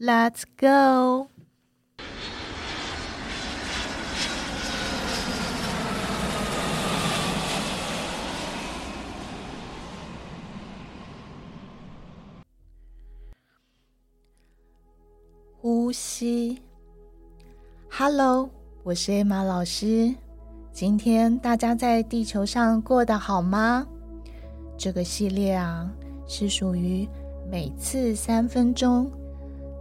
Let's go。呼吸。Hello，我是 Emma 老師。今天大家在地球上過得好嗎？這個系列啊，是屬於每次三分鐘。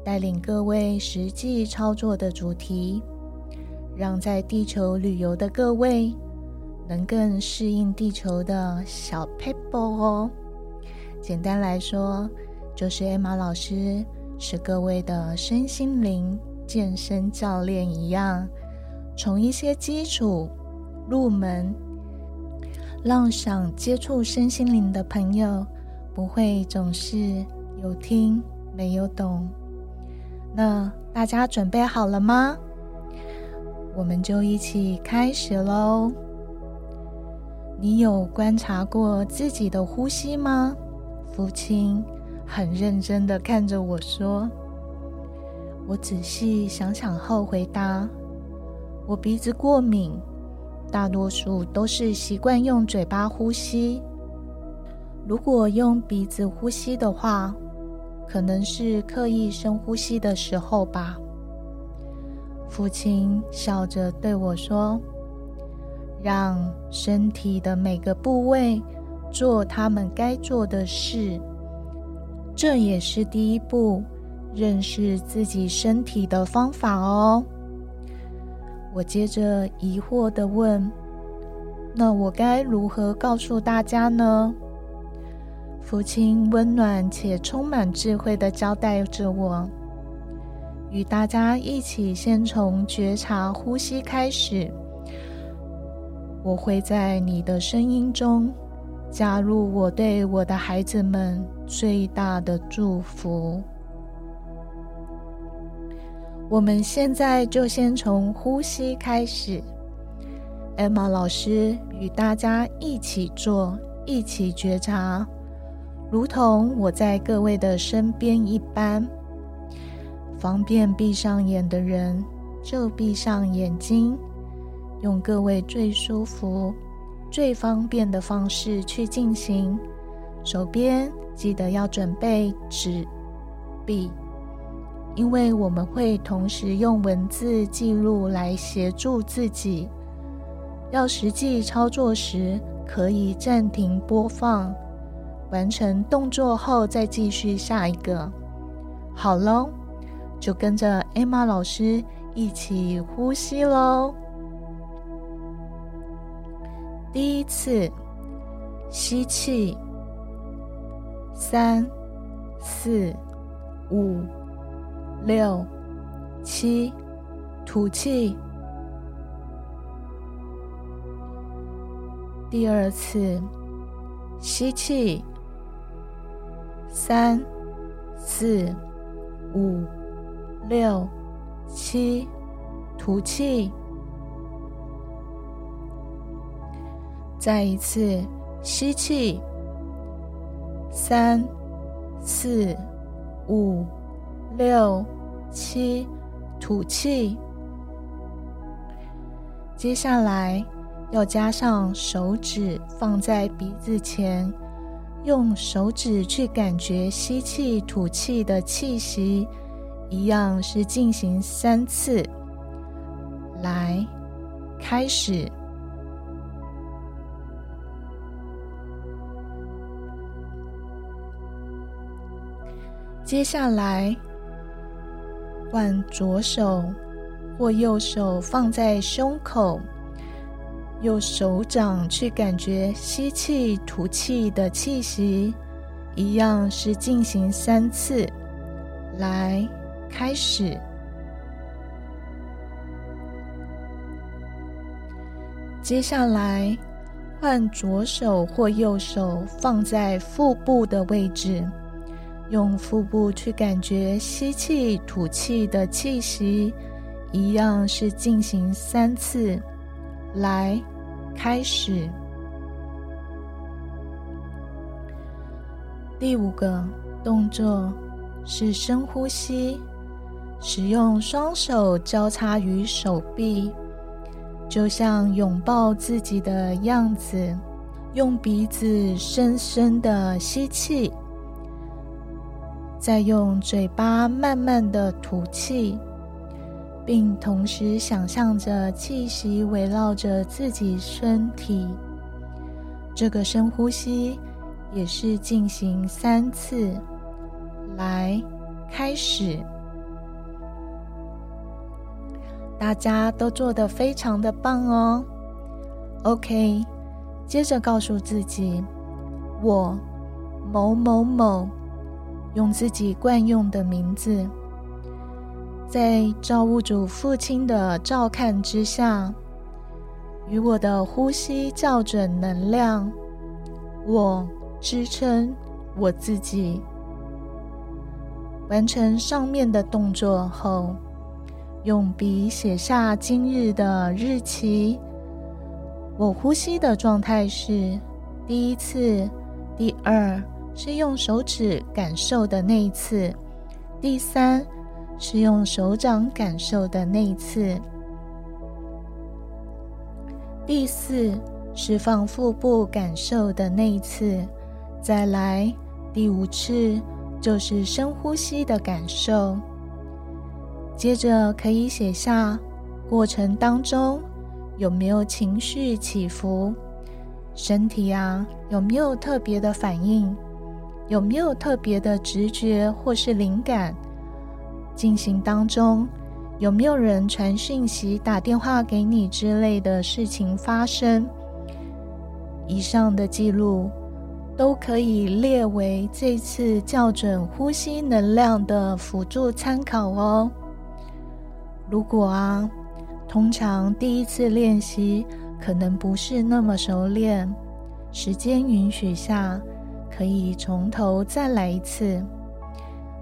帶領各位實際操作的主題，讓在地球旅遊的各位能更適應地球的小撇步哦。簡單來說，就是 Emma 老師是各位的身心靈健身教練一樣，從一些基礎入門，讓想接觸身心靈的朋友不會總是有聽沒有懂。那大家準備好了嗎？我們就一起開始嘍。你有觀察過自己的呼吸嗎？父親很認真的看着我說。我仔細想想後回答，我鼻子過敏，大多數都是習慣用嘴巴呼吸。如果用鼻子呼吸的話。可能是刻意深呼吸的時候吧，父親笑着對我說：“讓身體的每個部位做他們該做的事，這也是第一步，認識自己身體的方法哦。”我接着疑惑地問：“那我該如何告訴大家呢？”父親溫暖且充滿智慧的交代着我：“與大家一起，先從覺察呼吸開始。我會在你的聲音中加入我對我的孩子們最大的祝福。我們現在就先從呼吸開始。” Emma 老師與大家一起做，一起覺察。如同我在各位的身邊一般，方便閉上眼的人就閉上眼睛，用各位最舒服、最方便的方式去進行。手邊記得要準備紙筆，因為我們會同時用文字記錄來協助自己。要實際操作時，可以暫停播放。完成動作後再繼續下一個，好嘍，就跟着 Emma 老師一起呼吸嘍。第一次，吸氣，三、四、五、六、七，吐氣。第二次，吸氣。三、四、五、六、七，吐氣。再一次吸氣，三、四、五、六、七，吐氣。接下來要加上手指放在鼻子前。用手指去感覺吸氣、吐氣的氣息，一樣是進行三次。來，開始。接下來，換左手或右手放在胸口。用手掌去感覺吸氣、吐氣的氣息，一樣是進行三次。來，開始。接下來，換左手或右手放在腹部的位置，用腹部去感覺吸氣、吐氣的氣息，一樣是進行三次。來。開始。第五個動作是深呼吸，使用雙手交叉於手臂，就像擁抱自己的樣子，用鼻子深深的吸氣，再用嘴巴慢慢的吐氣，並同時想象着氣息圍繞着自己身體。這個深呼吸也是進行三次。來，開始。大家都做得非常的棒哦。OK，接着告訴自己，我某某某，用自己慣用的名字。在造物主父親的照看之下，與我的呼吸校準能量，我支撐我自己。完成上面的動作後，用筆寫下今日的日期。我呼吸的狀態是，第一次，第二是用手指感受的那一次，第三。是用手掌感受的那一次，第四是放腹部感受的那一次，再來第五次就是深呼吸的感受。接着可以寫下過程當中有沒有情緒起伏，身體啊有沒有特別的反應，有沒有特別的直覺或是靈感。進行當中，有沒有人傳訊息、打電話給你之類的事情發生？以上的記錄都可以列為這次校準呼吸能量的輔助參考哦。如果啊，通常第一次練習可能不是那麼熟練，時間允許下可以從頭再來一次。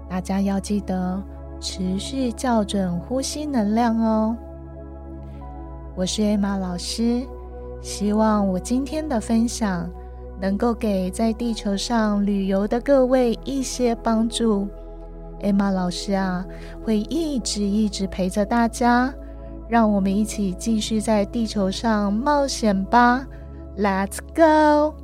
大家要記得，持續校準呼吸能量哦。我是 Emma 老師，希望我今天的分享能夠給在地球上旅遊的各位一些幫助。Emma 老師啊，會一直一直陪着大家，讓我們一起繼續在地球上冒險吧！Let's go。